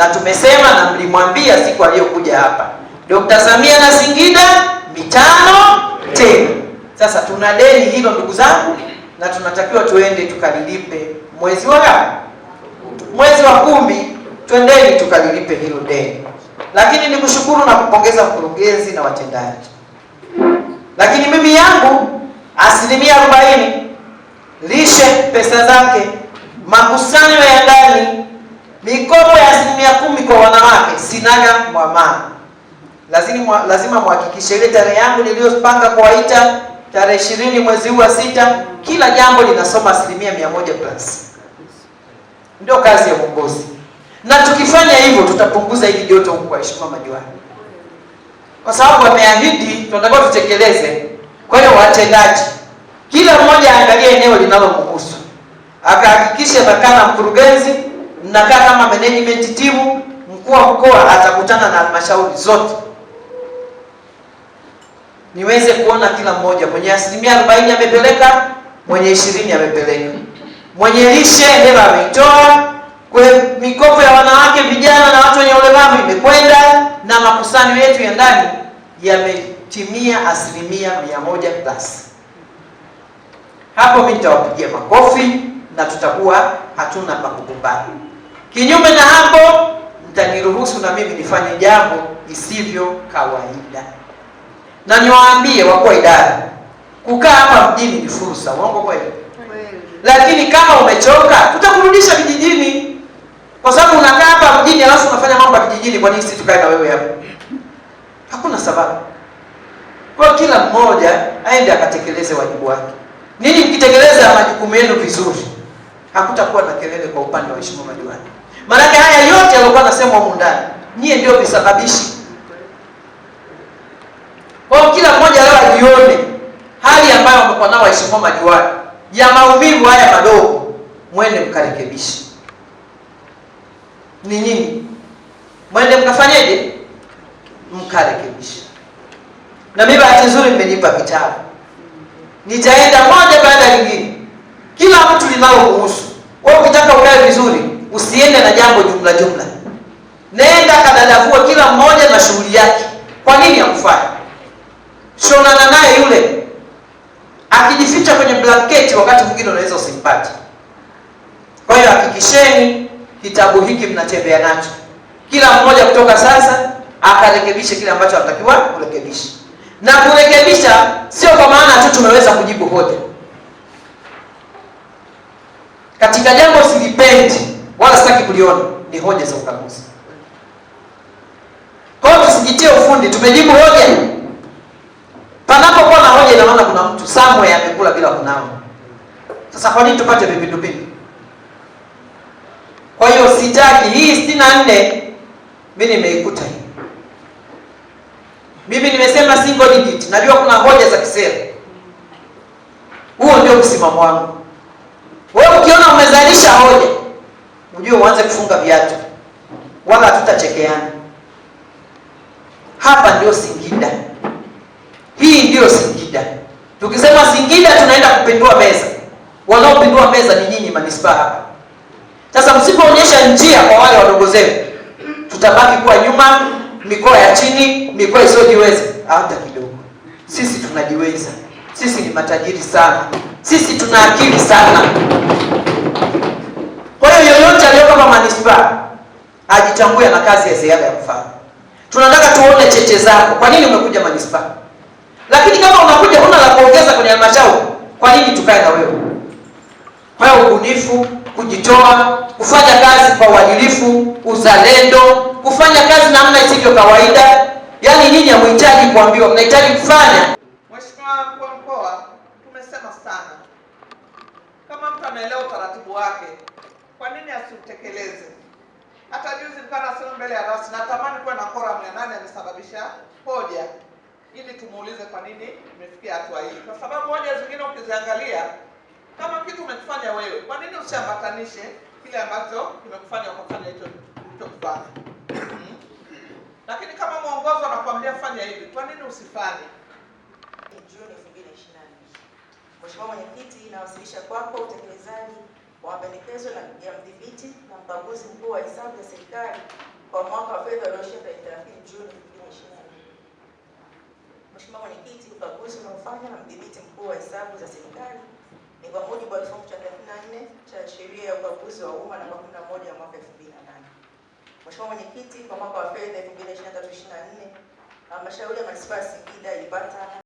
na tumesema na mlimwambia siku aliyokuja hapa Dr. Samia na Singida mitano tena. Sasa tuna deni hilo ndugu zangu, na tunatakiwa tuende tukalilipe mwezi wa gani? Mwezi wa kumi. Twendeni tukalilipe hilo deni. Lakini nikushukuru na kupongeza mkurugenzi na watendaji, lakini mimi yangu asilimia arobaini lishe, pesa zake, makusanyo ya ndani Mikopo ya asilimia kumi kwa wanawake sinaga mwamana, lazima lazima muhakikishe ile tarehe yangu niliyopanga kuwaita tarehe ishirini mwezi huu wa sita, kila jambo linasoma asilimia mia moja plus. Ndio kazi ya uongozi, na tukifanya hivyo tutapunguza hili joto huku kwa heshima majuani, kwa sababu wameahidi, tunataka tutekeleze. Kwa hiyo watendaji, kila mmoja aangalie eneo linalomhusu akahakikishe, takana mkurugenzi mnakaa kama management team. Mkuu wa mkoa atakutana na halmashauri zote niweze kuona kila mmoja, mwenye asilimia arobaini amepeleka, mwenye ishirini amepeleka, mwenye lishe hela ameitoa kwa mikopo ya wanawake, vijana na watu wenye ulemavu imekwenda, na makusanyo yetu ya ndani yametimia asilimia mia moja plus. Hapo mimi nitawapigia makofi na tutakuwa hatuna pakukumbana. Kinyume na hapo, mtaniruhusu na mimi nifanye jambo isivyo kawaida, na niwaambie wakuwa idara, kukaa hapa mjini ni fursa. Uongo kweli? Lakini kama umechoka, tutakurudisha vijijini, kwa sababu unakaa hapa mjini alafu unafanya mambo ya vijijini. Kwa nini sisi tukae na wewe hapa? Hakuna sababu. Kwa kila mmoja aende akatekeleze wajibu wake. Ninyi mkitekeleza majukumu yenu vizuri, hakutakuwa na kelele kwa upande wa waheshimiwa madiwani. Maanake haya yote yalikuwa nasema humu ndani, nyie ndio visababishi. Kwa kila mmoja leo ajione hali ambayo amekuwa nao aishikwa majuani ya maumivu haya madogo, mwende mkarekebishe. Ni nini mwende mkafanyeje? Mkarekebisha. Na mimi bahati nzuri mmenipa vitabu, nitaenda moja baada ya nyingine, kila mtu linalo kuhusu. Wewe ukitaka ukae vizuri usiende na jambo jumla jumla. Nenda kadadavua, kila mmoja na shughuli yake. Kwa nini hakufanya? Shonana naye yule, akijificha kwenye blanketi, wakati mwingine unaweza usimpate. Kwa hiyo hakikisheni kitabu hiki mnatembea nacho, kila mmoja kutoka sasa akarekebishe kile ambacho anatakiwa kurekebisha. Na kurekebisha sio kwa maana tu tumeweza kujibu hoja katika jambo silipendi wala sitaki kuliona, ni hoja za ukaguzi. Kwa hiyo tusijitie ufundi, tumejibu hoja. Panapokuwa na hoja, ina maana kuna mtu somewhere amekula bila kunawa. Sasa kwa nini tupate vipindupindu? Kwa hiyo sitaki hii sitini na nne mimi nimeikuta hii. Mimi nimesema single digit. Najua kuna hoja za kisera. Huo ndio msimamo wangu. Wewe ukiona umezalisha hoja ujue uanze kufunga viatu, wala hatutachekeana. Hapa ndio Singida, hii ndiyo Singida. Tukisema Singida tunaenda kupindua meza, wanaopindua meza ni nyinyi manispaa hapa. Sasa msipoonyesha njia kwa wale wadogo zetu, tutabaki kuwa nyuma, mikoa ya chini, mikoa isiyojiweza hata kidogo. Sisi tunajiweza, sisi ni matajiri sana, sisi tuna akili sana manispaa ajitambue na kazi ya ziada ya kufanya. Tunataka tuone cheche zako, kwa nini umekuja manispaa? Lakini kama unakuja una la kuongeza kwenye halmashauri, kwa nini tukae na wewe? Kwa hiyo ubunifu, kujitoa, kufanya kazi kwa uadilifu, uzalendo, kufanya kazi namna isivyo kawaida. Yaani nyinyi hamhitaji kuambiwa, mnahitaji kufanya. Mheshimiwa Mkuu wa Mkoa, tumesema sana, kama mtu anaelewa utaratibu wake kwa nini asiutekeleze? Hata juzi nilikuwa nasema mbele ya rasi natamani kuwa na kora ya nani amesababisha hoja, ili tumuulize kwa nini imefikia hatua hii, kwa sababu hoja zingine ukiziangalia, kama kitu umekifanya wewe, kwa nini usiambatanishe kile ambacho kimekufanya ukafanya hicho ulichokifanya? Hmm? Lakini kama mwongozo anakuambia fanya hivi, kwa nini usifanye? Juni 2024 Mheshimiwa Mwenyekiti, inawasilisha kwako utekelezaji wa mapendekezo ya mdhibiti na mkaguzi mkuu wa hesabu za serikali kwa mwaka wa fedha ulioishia tarehe 30 Juni 2024. Mheshimiwa Mwenyekiti, ukaguzi unaofanya na mdhibiti mkuu wa hesabu za serikali ni kwa mujibu wa kifungu cha 34 cha sheria ya ukaguzi wa umma namba 11 ya mwaka 2008. Mheshimiwa Mwenyekiti, kwa mwaka wa fedha 2023/2024 halmashauri ya manispaa ya Singida ilipata